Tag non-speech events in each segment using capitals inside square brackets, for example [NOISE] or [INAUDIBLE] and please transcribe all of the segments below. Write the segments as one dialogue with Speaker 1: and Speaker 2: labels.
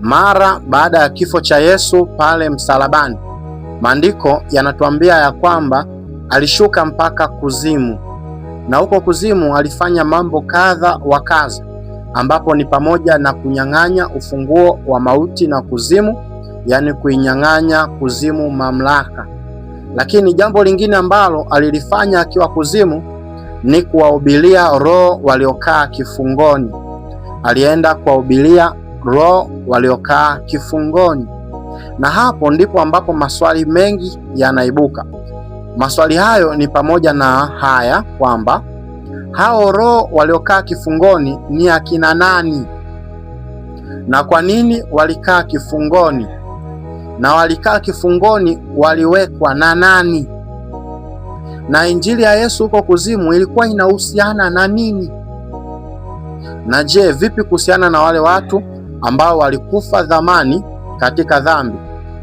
Speaker 1: mara baada ya kifo cha Yesu pale msalabani. Maandiko yanatuambia ya kwamba alishuka mpaka kuzimu, na huko kuzimu alifanya mambo kadha wa kadha, ambapo ni pamoja na kunyang'anya ufunguo wa mauti na kuzimu, yaani kuinyang'anya kuzimu mamlaka. Lakini jambo lingine ambalo alilifanya akiwa kuzimu ni kuwahubiria roho waliokaa kifungoni. Alienda kuwahubiria roho waliokaa kifungoni. Na hapo ndipo ambapo maswali mengi yanaibuka. Maswali hayo ni pamoja na haya kwamba hao roho waliokaa kifungoni ni akina nani? Na kwa nini walikaa kifungoni? Na walikaa kifungoni waliwekwa na nani? Na injili ya Yesu huko kuzimu ilikuwa inahusiana na nini? Na je, vipi kuhusiana na wale watu ambao walikufa zamani katika dhambi,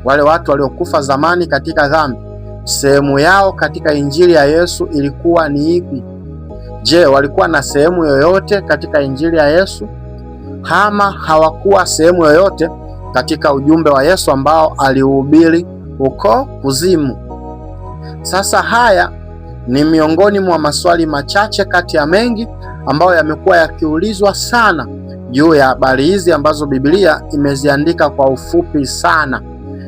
Speaker 1: wale watu waliokufa zamani katika dhambi, sehemu yao katika injili ya Yesu ilikuwa ni ipi? Je, walikuwa na sehemu yoyote katika injili ya Yesu? Kama hawakuwa sehemu yoyote katika ujumbe wa Yesu ambao alihubiri huko kuzimu. Sasa haya ni miongoni mwa maswali machache kati ya mengi ambayo yamekuwa yakiulizwa sana juu ya habari hizi ambazo Biblia imeziandika kwa ufupi sana.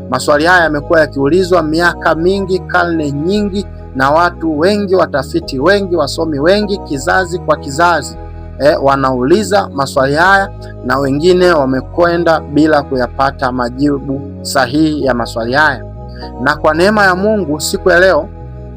Speaker 1: Maswali haya yamekuwa yakiulizwa miaka mingi, karne nyingi, na watu wengi, watafiti wengi, wasomi wengi, kizazi kwa kizazi E, wanauliza maswali haya na wengine wamekwenda bila kuyapata majibu sahihi ya maswali haya, na kwa neema ya Mungu siku ya leo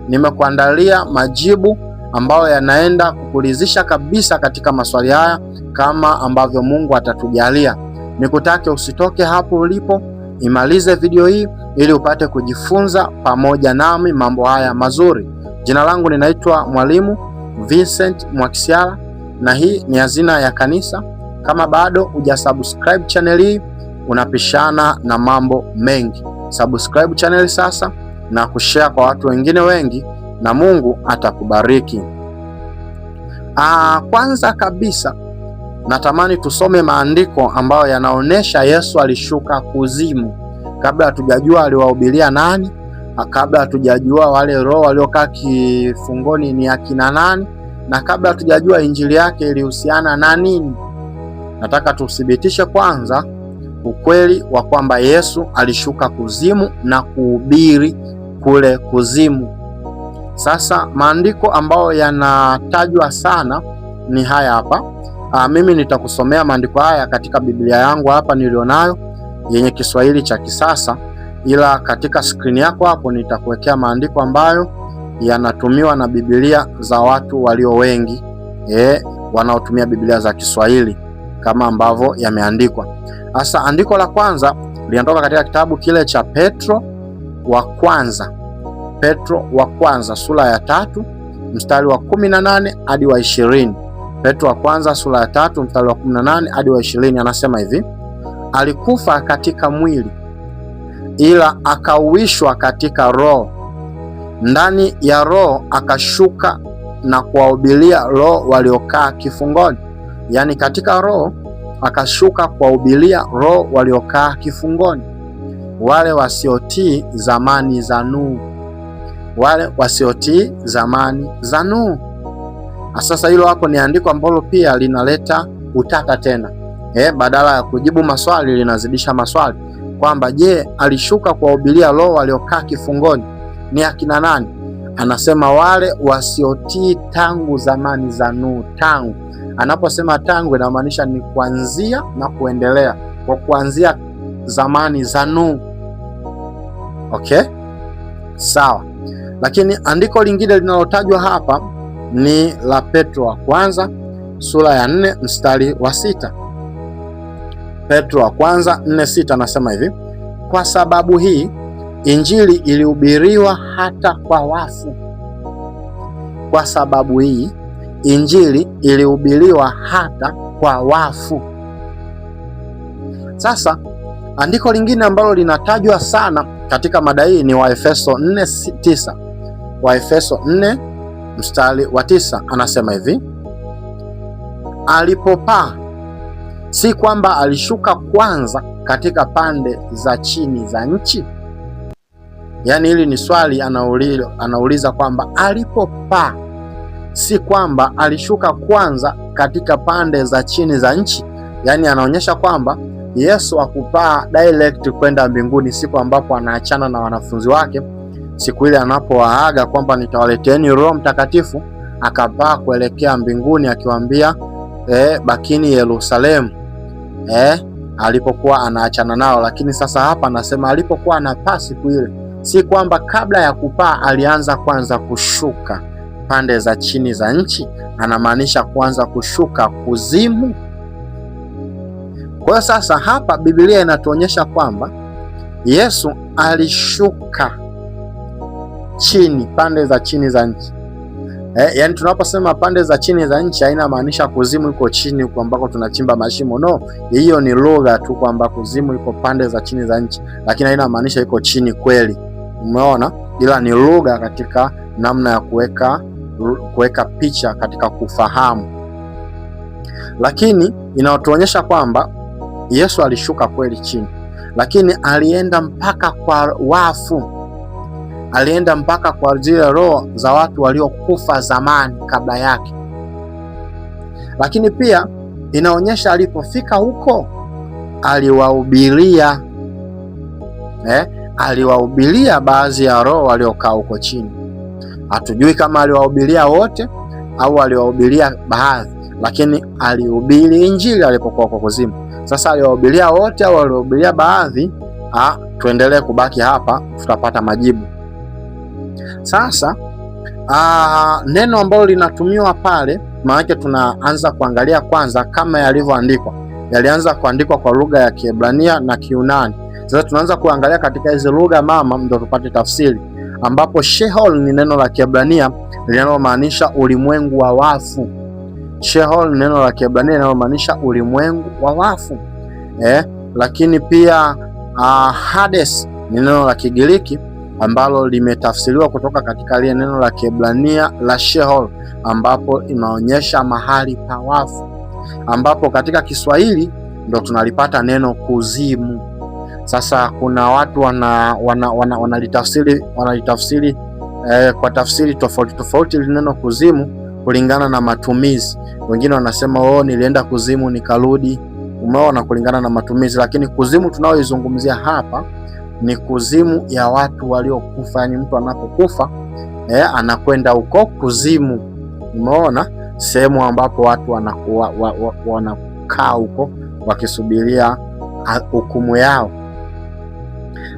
Speaker 1: nimekuandalia majibu ambayo yanaenda kukulizisha kabisa katika maswali haya kama ambavyo Mungu atatujalia. Nikutake usitoke hapo ulipo, imalize video hii ili upate kujifunza pamoja nami mambo haya mazuri. Jina langu ninaitwa Mwalimu Vincent Mwakisyala na hii ni Hazina ya Kanisa. Kama bado hujasubscribe channel hii, unapishana na mambo mengi. Subscribe channel sasa na kushare kwa watu wengine wengi na Mungu atakubariki. Aa, ah, kwanza kabisa natamani tusome maandiko ambayo yanaonyesha Yesu alishuka kuzimu, kabla hatujajua aliwahubiria nani, kabla hatujajua wale roho waliokaa kifungoni ni akina nani, na kabla hatujajua injili yake ilihusiana na nini. Nataka tuthibitishe kwanza ukweli wa kwamba Yesu alishuka kuzimu na kuhubiri kule kuzimu. Sasa maandiko ambayo yanatajwa sana ni haya hapa. Aa, ah, mimi nitakusomea maandiko haya katika Biblia yangu hapa nilionayo yenye Kiswahili cha kisasa, ila katika skrini yako hapo nitakuwekea maandiko ambayo yanatumiwa na Biblia za watu walio wengi e, wanaotumia Biblia za Kiswahili kama ambavyo yameandikwa. Sasa andiko la kwanza linatoka katika kitabu kile cha Petro wa kwanza Petro wa kwanza sura ya tatu mstari wa 18 hadi wa 20. Petro wa kwanza sura ya tatu mstari wa 18 hadi wa 20 anasema hivi: alikufa katika mwili, ila akauishwa katika roho; ndani ya roho akashuka na kuwahubiria roho waliokaa kifungoni. Yaani katika roho akashuka kuwahubiria roho waliokaa kifungoni, wale wasiotii zamani za nuru wale wasiotii zamani za Nuhu. Na sasa hilo hapo ni andiko ambalo pia linaleta utata tena eh, badala ya kujibu maswali linazidisha maswali kwamba je, alishuka kuwahubiria roho waliokaa kifungoni ni akina nani? Anasema wale wasiotii tangu zamani za Nuhu. Tangu anaposema tangu, inamaanisha ni kuanzia na kuendelea, kwa kuanzia zamani za Nuhu. Okay, sawa. Lakini andiko lingine linalotajwa hapa ni la Petro wa kwanza sura ya nne mstari wa sita. Petro wa kwanza nne sita anasema hivi: kwa sababu hii injili ilihubiriwa hata kwa wafu. Kwa sababu hii injili ilihubiriwa hata kwa wafu. Sasa andiko lingine ambalo linatajwa sana katika mada hii ni Waefeso 4:9 wa Efeso 4 mstari wa tisa anasema hivi: alipopaa si kwamba alishuka kwanza katika pande za chini za nchi? Yaani hili ni swali anauliza, anauliza kwamba alipopaa si kwamba alishuka kwanza katika pande za chini za nchi? Yaani anaonyesha kwamba Yesu akupaa direct kwenda mbinguni siku ambapo anaachana na wanafunzi wake siku ile anapowaaga kwamba nitawaleteeni Roho Mtakatifu, akapaa kuelekea mbinguni akiwaambia eh, bakini Yerusalemu eh, alipokuwa anaachana nao. Lakini sasa hapa anasema alipokuwa anapaa siku ile, si kwamba kabla ya kupaa alianza kwanza kushuka pande za chini za nchi, anamaanisha kuanza kushuka kuzimu. Kwa hiyo sasa hapa Biblia inatuonyesha kwamba Yesu alishuka chini, pande za chini za nchi. Eh, yani tunaposema pande za chini za nchi haina maanisha kuzimu iko chini huko ambako tunachimba mashimo. No, hiyo ni lugha tu kwamba kuzimu iko pande za chini za nchi, lakini haina maanisha iko chini kweli. Umeona? Ila ni lugha katika namna ya kuweka kuweka picha katika kufahamu, lakini inaotuonyesha kwamba Yesu alishuka kweli chini, lakini alienda mpaka kwa wafu alienda mpaka kwa zile roho za watu waliokufa zamani kabla yake. Lakini pia inaonyesha alipofika huko aliwahubiria eh, aliwahubiria baadhi ya roho waliokaa huko chini. Hatujui kama aliwahubiria wote au aliwahubiria baadhi, lakini alihubiri Injili alipokuwa kwa kuzimu. Sasa aliwahubiria wote au aliwahubiria baadhi? Ah, tuendelee kubaki hapa, tutapata majibu. Sasa aa, ah, neno ambalo linatumiwa pale, maanake tunaanza kuangalia kwanza kama yalivyoandikwa. Yalianza kuandikwa kwa lugha ya Kiebrania na Kiunani. Sasa tunaanza kuangalia katika hizo lugha mama, ndio tupate tafsiri, ambapo Sheol ni neno la Kiebrania linalomaanisha ulimwengu wa wafu. Sheol ni neno la Kiebrania linalomaanisha ulimwengu wa wafu eh, lakini pia uh, Hades ni neno la Kigiriki ambalo limetafsiriwa kutoka katika lile neno la Kiebrania la Sheol, ambapo inaonyesha mahali pa wafu, ambapo katika Kiswahili ndo tunalipata neno kuzimu. Sasa kuna watu wanalitafsiri wana, wana, wana wana eh, kwa tafsiri tofauti tofauti lineno kuzimu kulingana na matumizi. Wengine wanasema oh, nilienda kuzimu nikarudi, umeona, kulingana na matumizi. Lakini kuzimu tunayoizungumzia hapa ni kuzimu ya watu waliokufa, yani mtu anapokufa eh, anakwenda huko kuzimu. Umeona sehemu ambapo watu wanakuwa wa, wa, wanakaa huko wakisubiria ah, hukumu yao.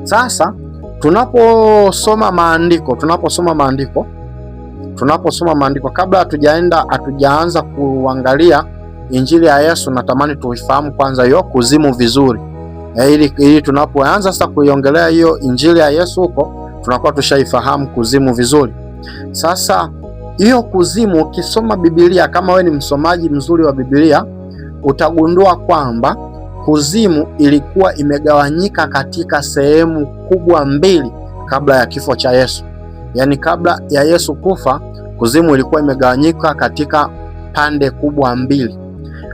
Speaker 1: Sasa tunaposoma maandiko tunaposoma maandiko tunaposoma maandiko, kabla hatujaenda hatujaanza kuangalia injili ya Yesu, natamani tuifahamu kwanza hiyo kuzimu vizuri e, ili, ili tunapoanza sasa kuiongelea hiyo injili ya Yesu huko tunakuwa tushaifahamu kuzimu vizuri. Sasa hiyo kuzimu, ukisoma Biblia, kama we ni msomaji mzuri wa Biblia, utagundua kwamba kuzimu ilikuwa imegawanyika katika sehemu kubwa mbili kabla ya kifo cha Yesu. Yaani, kabla ya Yesu kufa, kuzimu ilikuwa imegawanyika katika pande kubwa mbili,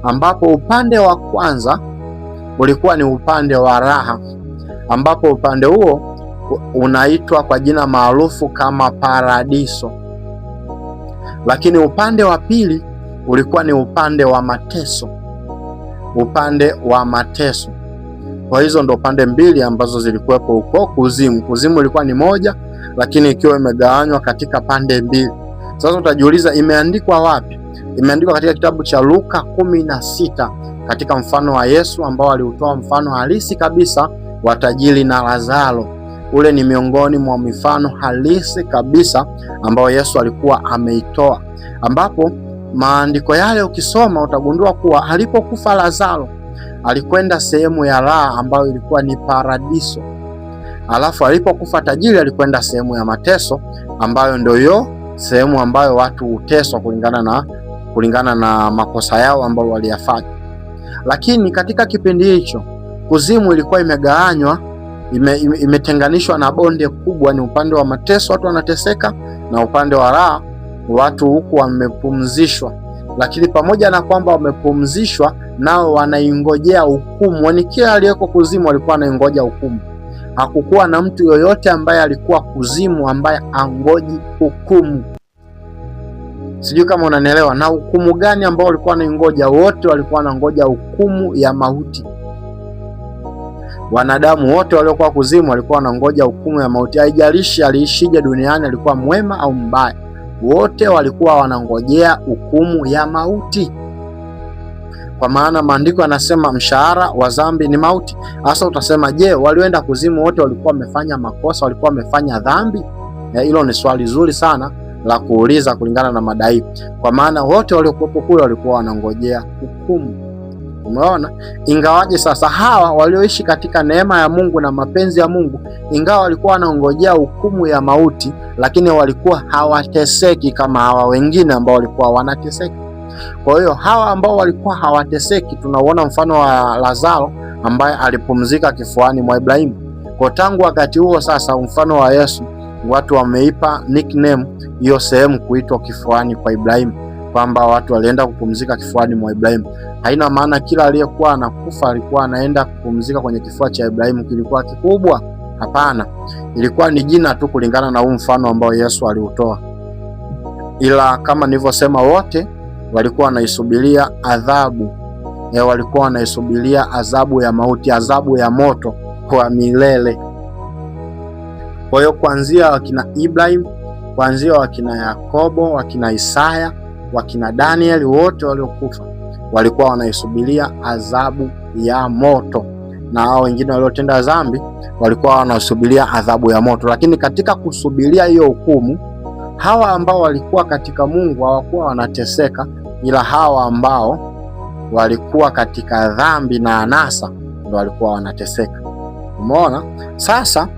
Speaker 1: ambapo upande wa kwanza ulikuwa ni upande wa raha, ambapo upande huo unaitwa kwa jina maarufu kama paradiso, lakini upande wa pili ulikuwa ni upande wa mateso, upande wa mateso. Kwa hizo ndo pande mbili ambazo zilikuwepo huko kuzimu. Kuzimu ilikuwa ni moja, lakini ikiwa imegawanywa katika pande mbili. Sasa utajiuliza imeandikwa wapi? Imeandikwa katika kitabu cha Luka kumi na sita katika mfano wa Yesu ambao aliutoa mfano halisi kabisa wa tajiri na Lazaro. Ule ni miongoni mwa mifano halisi kabisa ambayo Yesu alikuwa ameitoa, ambapo maandiko yale ukisoma utagundua kuwa alipokufa Lazaro alikwenda sehemu ya raha ambayo ilikuwa ni paradiso, alafu alipokufa tajiri alikwenda sehemu ya mateso ambayo ndio hiyo sehemu ambayo watu huteswa kulingana na kulingana na makosa yao ambayo waliyafanya. Lakini katika kipindi hicho kuzimu ilikuwa imegawanywa, ime, ime, imetenganishwa na bonde kubwa. Ni upande wa mateso, watu wanateseka, na upande wa raha, watu huku wamepumzishwa. Lakini pamoja na kwamba wamepumzishwa, nao wanaingojea hukumu. Yani kila aliyeko kuzimu alikuwa anaingoja hukumu. Hakukuwa na mtu yoyote ambaye alikuwa kuzimu ambaye angoji hukumu. Sijui kama unanielewa. Na hukumu gani ambao walikuwa wanaingoja? Wote walikuwa wanangoja hukumu ya mauti. Wanadamu wote waliokuwa kuzimu walikuwa wanangoja hukumu ya mauti. Haijalishi aliishije duniani, alikuwa mwema au mbaya, wote walikuwa wanangojea hukumu ya mauti, kwa maana maandiko yanasema mshahara wa dhambi ni mauti. Hasa utasema, je, walioenda kuzimu wote walikuwa wamefanya makosa? Walikuwa wamefanya dhambi? Hilo ni swali zuri sana la kuuliza kulingana na madai, kwa maana wote waliokuwepo kule walikuwa wanangojea hukumu. Umeona, ingawaje sasa hawa walioishi katika neema ya Mungu na mapenzi ya Mungu, ingawa walikuwa wanaongojea hukumu ya mauti, lakini walikuwa hawateseki kama hawa wengine ambao walikuwa wanateseka. Kwa hiyo hawa ambao walikuwa hawateseki, tunauona mfano wa Lazaro ambaye alipumzika kifuani mwa Ibrahimu. Kwa tangu wakati huo sasa, mfano wa Yesu, watu wameipa nickname hiyo sehemu kuitwa kifuani kwa Ibrahimu, kwamba watu walienda kupumzika kifuani mwa Ibrahimu. Haina maana kila aliyekuwa anakufa alikuwa anaenda kupumzika kwenye kifua cha Ibrahimu kilikuwa kikubwa. Hapana, ilikuwa ni jina tu, kulingana na huu mfano ambao Yesu aliutoa. Ila kama nilivyosema, wote walikuwa wanaisubiria adhabu ya eh, walikuwa wanaisubiria adhabu ya mauti, adhabu ya moto kwa milele. Kwa hiyo kuanzia wakina Ibrahim kuanzia wakina Yakobo, wakina Isaya, wakina Danieli, wote waliokufa walikuwa wanaisubiria adhabu ya moto, na hao wengine waliotenda dhambi walikuwa wanasubiria adhabu ya moto. Lakini katika kusubiria hiyo hukumu, hawa ambao walikuwa katika Mungu hawakuwa wanateseka, ila hawa ambao walikuwa katika dhambi na anasa ndo walikuwa wanateseka. Umeona sasa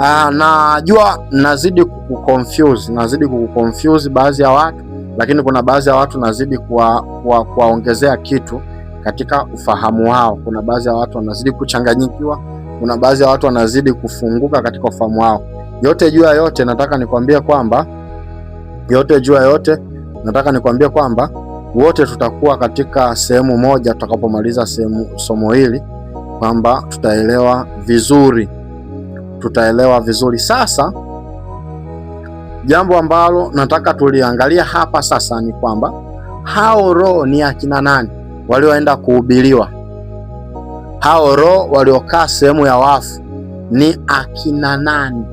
Speaker 1: Ah, najua nazidi kukuconfuse, nazidi kukuconfuse baadhi ya watu, lakini kuna baadhi ya watu nazidi kuwaongezea kuwa kitu katika ufahamu wao. Kuna baadhi ya watu wanazidi kuchanganyikiwa, kuna baadhi ya watu wanazidi kufunguka katika ufahamu wao. Yote juu ya yote, nataka nikwambie kwamba yote juu ya yote, nataka nikwambie kwamba wote tutakuwa katika sehemu moja tutakapomaliza sehemu somo hili, kwamba tutaelewa vizuri tutaelewa vizuri. Sasa jambo ambalo nataka tuliangalia hapa sasa ni kwamba hao roho ni akina nani walioenda kuhubiriwa? Hao roho waliokaa sehemu ya wafu ni akina nani?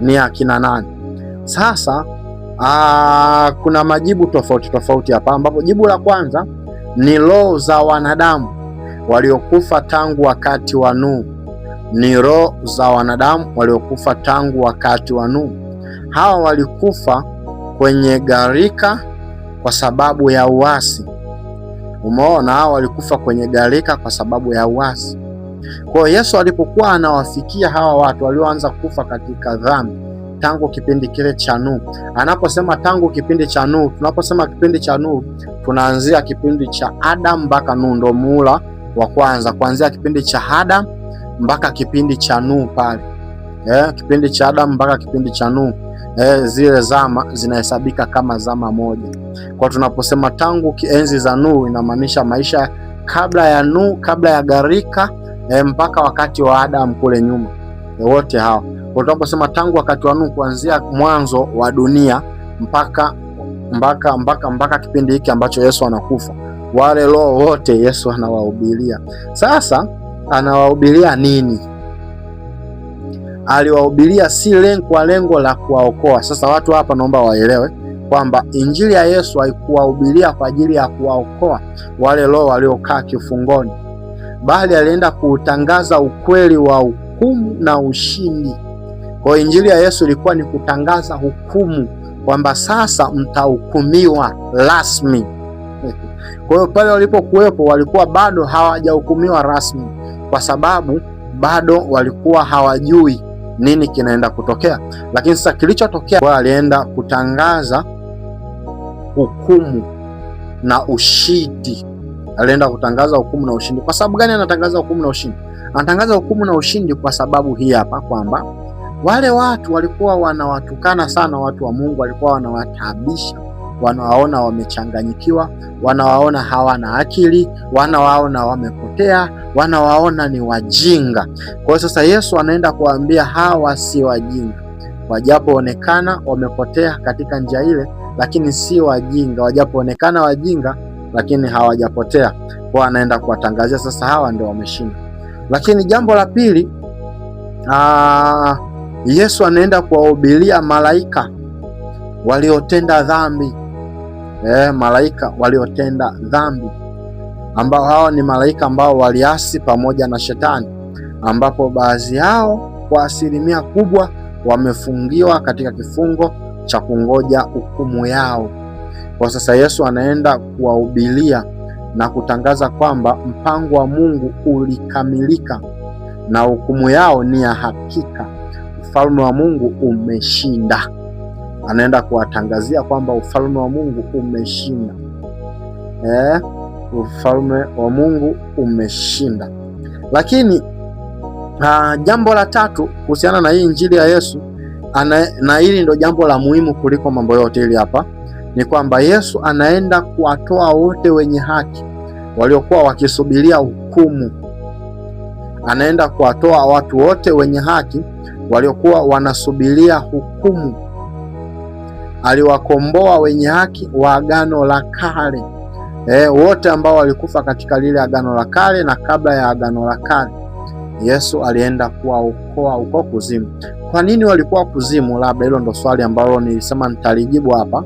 Speaker 1: Ni akina nani? Sasa aa, kuna majibu tofauti tofauti hapa, ambapo jibu la kwanza ni roho za wanadamu waliokufa tangu wakati wa Nuhu ni roho za wanadamu waliokufa tangu wakati wa Nuhu. Hawa walikufa kwenye gharika kwa sababu ya uasi. Umeona, hawa walikufa kwenye gharika kwa sababu ya uasi. Kwa hiyo Yesu alipokuwa anawafikia hawa watu walioanza kufa katika dhambi tangu kipindi kile cha Nuhu, anaposema tangu kipindi cha Nuhu, tunaposema kipindi cha Nuhu tunaanzia kipindi cha Adam mpaka Nuhu, ndo muula wa kwanza kuanzia kipindi cha Adam mpaka kipindi cha Nuhu pale eh, kipindi cha Adamu mpaka kipindi cha Nuhu eh, zile zama zinahesabika kama zama moja. Kwa tunaposema tangu enzi za Nuhu, inamaanisha maisha kabla ya Nuhu, kabla ya gharika eh, mpaka wakati wa Adamu kule nyuma eh, wote hao. Kwa tunaposema tangu wakati wa Nuhu, kuanzia mwanzo wa dunia mpaka mpaka mpaka mpaka kipindi hiki ambacho Yesu anakufa, wale roho wote Yesu anawahubiria sasa anawahubiria nini? Aliwahubiria si lengo kwa lengo la kuwaokoa. Sasa watu hapa, naomba waelewe kwamba injili ya Yesu haikuwahubiria kwa ajili ya kuwaokoa wale roho waliokaa kifungoni, bali alienda kuutangaza ukweli wa hukumu na ushindi. Kwa injili ya Yesu ilikuwa ni kutangaza hukumu kwamba sasa mtahukumiwa rasmi. [LAUGHS] Kwa hiyo pale walipokuwepo walikuwa bado hawajahukumiwa rasmi kwa sababu bado walikuwa hawajui nini kinaenda kutokea. Lakini sasa kilichotokea, alienda kutangaza hukumu na ushindi. Alienda kutangaza hukumu na ushindi. Kwa sababu gani anatangaza hukumu na ushindi? Anatangaza hukumu na ushindi kwa sababu hii hapa, kwamba wale watu walikuwa wanawatukana sana watu wa Mungu, walikuwa wanawatabisha wanawaona wamechanganyikiwa, wanawaona hawana akili, wanawaona wamepotea, wanawaona ni wajinga. Kwa hiyo sasa Yesu anaenda kuwaambia hawa si wajinga, wajapoonekana wamepotea katika njia ile, lakini si wajinga, wajapoonekana wajinga, lakini hawajapotea. Kwa anaenda kuwatangazia sasa hawa ndio wameshinda. Lakini jambo la pili, Yesu anaenda kuwahubiria malaika waliotenda dhambi eh, malaika waliotenda dhambi ambao hao ni malaika ambao waliasi pamoja na Shetani, ambapo baadhi yao kwa asilimia kubwa wamefungiwa katika kifungo cha kungoja hukumu yao. Kwa sasa Yesu anaenda kuwahubilia na kutangaza kwamba mpango wa Mungu ulikamilika na hukumu yao ni ya hakika. Ufalme wa Mungu umeshinda anaenda kuwatangazia kwamba ufalme wa Mungu umeshinda. Eh, ufalme wa Mungu umeshinda. Lakini aa, ah, jambo la tatu kuhusiana na hii injili ya Yesu ana, na hili ndo jambo la muhimu kuliko mambo yote, hili hapa ni kwamba Yesu anaenda kuwatoa wote wenye haki waliokuwa wakisubiria hukumu. Anaenda kuwatoa watu wote wenye haki waliokuwa wanasubiria hukumu aliwakomboa wenye haki wa agano la kale e, wote ambao walikufa katika lile agano la kale na kabla ya agano la kale. Yesu alienda kuwaokoa uko kuzimu. Kwa nini walikuwa kuzimu? Labda hilo ndo swali ambalo nilisema nitalijibu hapa.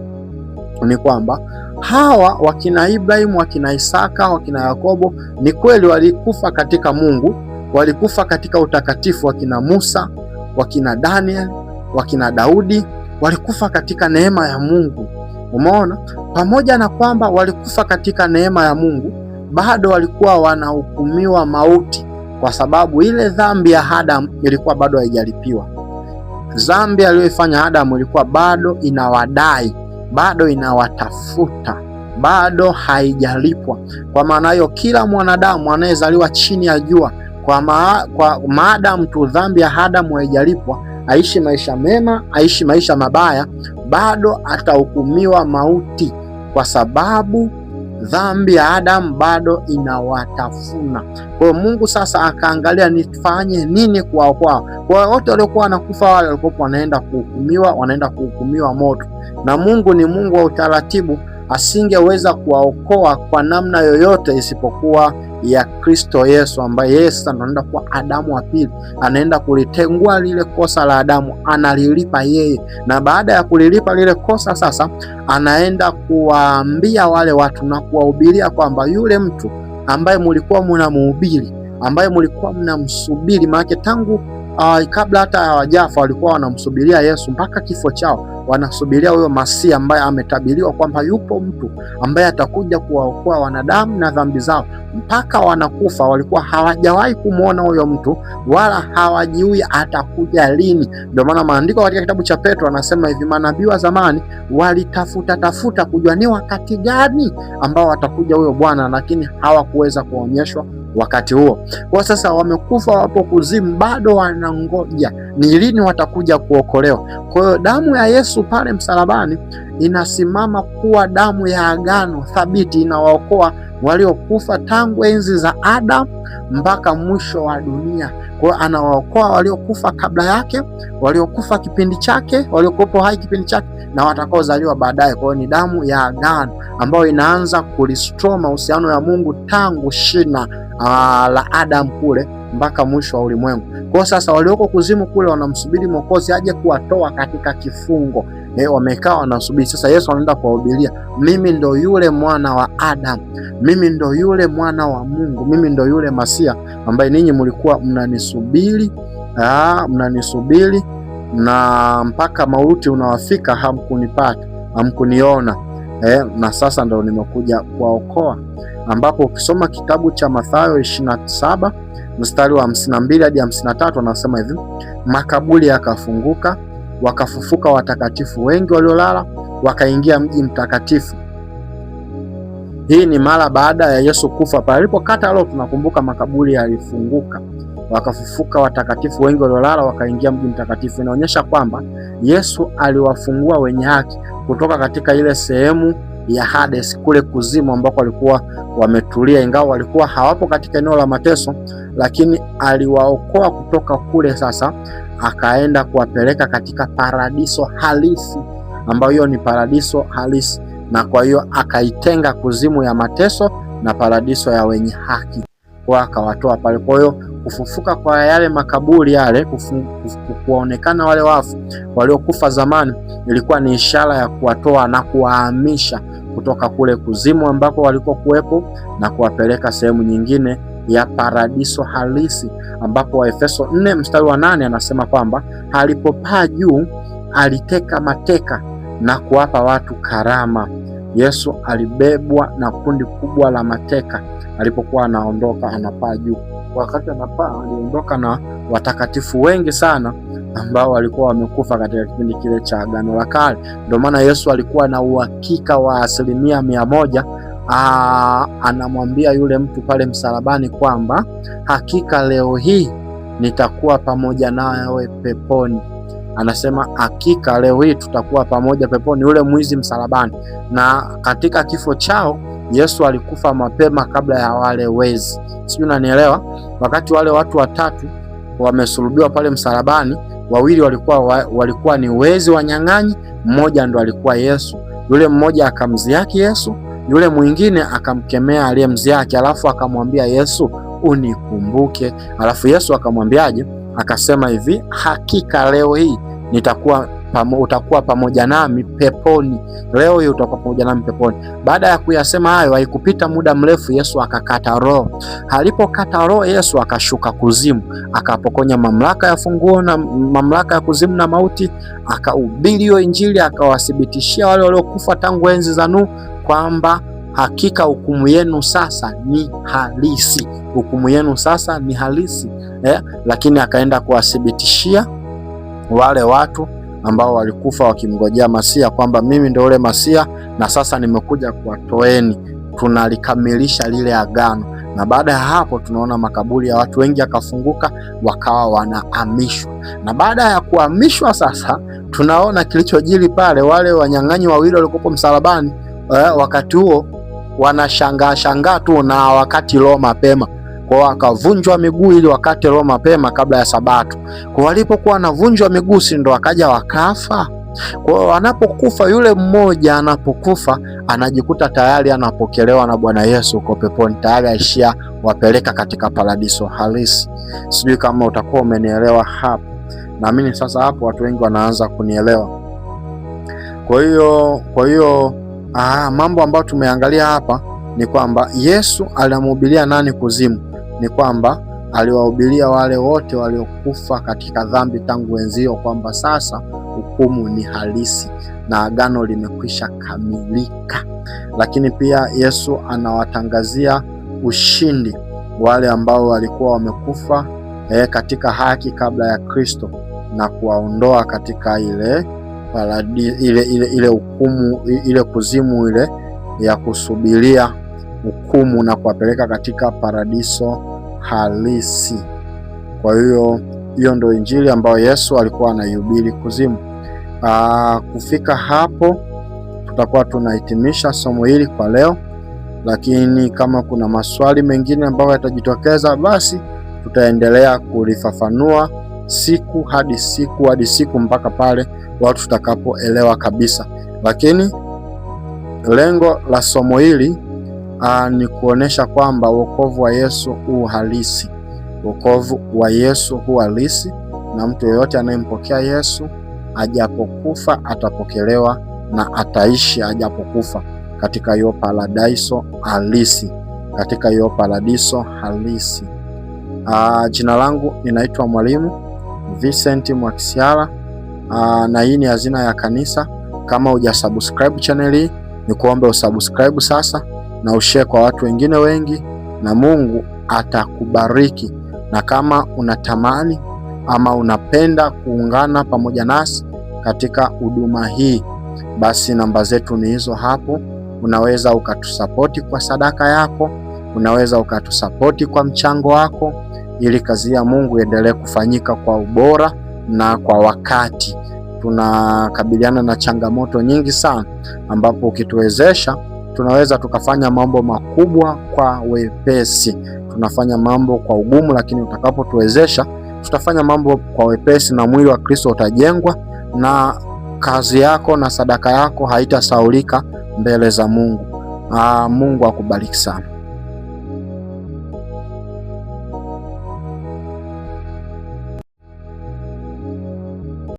Speaker 1: Ni kwamba hawa wakina Ibrahimu, wakina Isaka, wakina Yakobo ni kweli walikufa katika Mungu, walikufa katika utakatifu, wakina Musa, wakina Daniel, wakina Daudi walikufa katika neema ya Mungu. Umeona, pamoja na kwamba walikufa katika neema ya Mungu, bado walikuwa wanahukumiwa mauti, kwa sababu ile dhambi ya Adamu ilikuwa bado haijalipiwa. Dhambi aliyoifanya Adamu ilikuwa bado inawadai, bado inawatafuta, bado haijalipwa. Kwa maana hiyo, kila mwanadamu anayezaliwa chini ya jua kwa, ma, kwa maadamu tu dhambi ya Adamu haijalipwa aishi maisha mema, aishi maisha mabaya, bado atahukumiwa mauti, kwa sababu dhambi ya Adamu bado inawatafuna. Kwa hiyo Mungu sasa akaangalia nifanye nini kuwaokoa. Kwa hiyo wote waliokuwa wanakufa wale walikuwa wanaenda kuhukumiwa, wanaenda kuhukumiwa moto, na Mungu ni Mungu wa utaratibu, asingeweza kuwaokoa kwa namna yoyote isipokuwa ya Kristo Yesu, ambaye Yesu anaenda kwa Adamu wa pili, anaenda kulitengua lile kosa la Adamu, analilipa yeye, na baada ya kulilipa lile kosa, sasa anaenda kuwaambia wale watu na kuwahubiria kwamba yule mtu ambaye mulikuwa mnamhubiri, ambaye mlikuwa mnamsubiri, maana tangu uh, kabla hata hawajafa walikuwa wanamsubiria Yesu mpaka kifo chao, wanasubiria huyo Masihi ambaye ametabiriwa kwamba yupo mtu ambaye atakuja kuwaokoa wanadamu na dhambi zao. Mpaka wanakufa walikuwa hawajawahi kumwona huyo mtu, wala hawajui atakuja lini. Ndio maana maandiko katika kitabu cha Petro anasema hivi, manabii wa zamani walitafuta tafuta kujua ni wakati gani ambao atakuja huyo Bwana, lakini hawakuweza kuonyeshwa wakati huo. Kwa sasa wamekufa, wapo kuzimu, bado wanangoja ni lini watakuja kuokolewa. Kwa hiyo damu ya Yesu pale msalabani inasimama kuwa damu ya agano thabiti inawaokoa waliokufa tangu enzi za Adam mpaka mwisho wa dunia. Kwa hiyo anawaokoa waliokufa kabla yake, waliokufa kipindi chake, waliokuwepo hai kipindi chake na watakaozaliwa baadaye. Kwa hiyo ni damu ya agano ambayo inaanza kurestore mahusiano ya Mungu tangu shina aa, ah, la Adam kule mpaka mwisho wa ulimwengu. Kwa sasa walioko kuzimu kule wanamsubiri Mwokozi aje kuwatoa katika kifungo. E, wamekaa wanasubiri. Sasa Yesu anaenda kuwahubiria, mimi ndo yule mwana wa Adamu, mimi ndo yule mwana wa Mungu, mimi ndo yule Masia ambaye ninyi mlikuwa mnanisubiri, ah, mnanisubiri na mpaka mauti unawafika hamkunipata, hamkuniona. E, na sasa ndo nimekuja kuwaokoa, ambapo ukisoma kitabu cha Mathayo ishirini na saba mstari wa 52 hadi 53, anasema hivi: makaburi yakafunguka, wakafufuka watakatifu wengi waliolala, wakaingia mji mtakatifu. Hii ni mara baada ya Yesu kufa. Pale alipokata roho, tunakumbuka makaburi yalifunguka, wakafufuka watakatifu wengi waliolala, wakaingia mji mtakatifu. Inaonyesha kwamba Yesu aliwafungua wenye haki kutoka katika ile sehemu ya Hades kule kuzimu ambako walikuwa wametulia, ingawa walikuwa hawapo katika eneo la mateso, lakini aliwaokoa kutoka kule. Sasa akaenda kuwapeleka katika paradiso halisi, ambayo hiyo ni paradiso halisi, na kwa hiyo akaitenga kuzimu ya mateso na paradiso ya wenye haki, kwa akawatoa pale. Kwa hiyo kufufuka kwa yale makaburi yale, kuwaonekana wale wafu waliokufa zamani, ilikuwa ni ishara ya kuwatoa na kuwahamisha kutoka kule kuzimu ambako walikuwa kuwepo na kuwapeleka sehemu nyingine ya paradiso halisi, ambapo Waefeso 4 mstari wa nane anasema kwamba alipopaa juu aliteka mateka na kuwapa watu karama. Yesu alibebwa na kundi kubwa la mateka alipokuwa anaondoka, anapaa juu. Wakati anapaa, aliondoka na watakatifu wengi sana ambao walikuwa wamekufa katika kipindi kile cha Agano la Kale. Ndio maana Yesu alikuwa na uhakika wa asilimia mia moja Aa, anamwambia yule mtu pale msalabani kwamba hakika leo hii nitakuwa pamoja nawe peponi anasema hakika leo hii tutakuwa pamoja peponi, ule mwizi msalabani. Na katika kifo chao Yesu alikufa mapema kabla ya wale wezi, sijui unanielewa. Wakati wale watu watatu wamesulubiwa pale msalabani, wawili walikuwa, wa, walikuwa ni wezi wanyang'anyi, mmoja ndo alikuwa Yesu. Yule mmoja akamziaki Yesu, yule mwingine akamkemea aliyemziaki, alafu akamwambia Yesu unikumbuke. Alafu Yesu akamwambiaje? akasema hivi, hakika leo hii nitakuwa pamo, utakuwa pamoja nami peponi. Leo hii utakuwa pamoja nami peponi. Baada ya kuyasema hayo, haikupita muda mrefu, Yesu akakata roho. Alipokata roho, Yesu akashuka kuzimu, akapokonya mamlaka ya funguo na mamlaka ya kuzimu na mauti, akahubiri hiyo Injili, akawathibitishia wale waliokufa tangu enzi za Nuhu kwamba Hakika hukumu yenu sasa ni halisi, hukumu yenu sasa ni halisi eh. Lakini akaenda kuwathibitishia wale watu ambao walikufa wakimngojea Masia kwamba mimi ndio ule Masia, na sasa nimekuja kuwatoeni. Tunalikamilisha lile agano. Na baada ya hapo, tunaona makaburi ya watu wengi yakafunguka, wakawa wanahamishwa. Na baada ya kuhamishwa sasa, tunaona kilichojiri pale, wale wanyang'anyi wawili walikuwa msalabani eh, wakati huo wanashangaa shangaa tu na wakati roho mapema kwa wakavunjwa miguu ili wakati roho mapema kabla ya Sabato. Kwa walipokuwa wanavunjwa miguu, si ndo akaja wakafa? Kwa wanapokufa, yule mmoja anapokufa anajikuta tayari anapokelewa na Bwana Yesu uko peponi tayari, aishia wapeleka katika paradiso halisi. Sijui kama utakuwa umenielewa hapo. Naamini sasa hapo watu wengi wanaanza kunielewa. Kwa hiyo kwa hiyo Aa, ah, mambo ambayo tumeangalia hapa ni kwamba Yesu alimhubiria nani kuzimu? Ni kwamba aliwahubiria wale wote waliokufa katika dhambi tangu wenzio, kwamba sasa hukumu ni halisi na agano limekwisha kamilika. Lakini pia Yesu anawatangazia ushindi wale ambao walikuwa wamekufa eh, katika haki kabla ya Kristo na kuwaondoa katika ile paradi, ile, ile, ile hukumu ile kuzimu ile ya kusubiria hukumu na kuwapeleka katika paradiso halisi. Kwa hiyo hiyo ndio injili ambayo Yesu alikuwa anaihubiri kuzimu. Aa, kufika hapo tutakuwa tunahitimisha somo hili kwa leo, lakini kama kuna maswali mengine ambayo yatajitokeza, basi tutaendelea kulifafanua siku hadi siku hadi siku mpaka pale watu tutakapoelewa kabisa. Lakini lengo la somo hili ah, ni kuonesha kwamba wokovu wa Yesu huu halisi, wokovu wa Yesu huu halisi, na mtu yeyote anayempokea Yesu ajapokufa atapokelewa na ataishi ajapokufa katika hiyo paradaiso halisi, katika hiyo paradiso halisi. Aa, ah, jina langu ninaitwa Mwalimu Vincent Mwakisyala. Uh, na hii ni hazina ya kanisa. Kama uja subscribe channel hii, ni kuombe usubscribe sasa na ushare kwa watu wengine wengi, na Mungu atakubariki. Na kama unatamani ama unapenda kuungana pamoja nasi katika huduma hii, basi namba zetu ni hizo hapo. Unaweza ukatusapoti kwa sadaka yako, unaweza ukatusapoti kwa mchango wako ili kazi ya Mungu iendelee kufanyika kwa ubora na kwa wakati. Tunakabiliana na changamoto nyingi sana, ambapo ukituwezesha tunaweza tukafanya mambo makubwa kwa wepesi. Tunafanya mambo kwa ugumu, lakini utakapotuwezesha tutafanya mambo kwa wepesi, na mwili wa Kristo utajengwa na kazi yako na sadaka yako haitasaulika mbele za Mungu. Aa, ah, Mungu akubariki sana.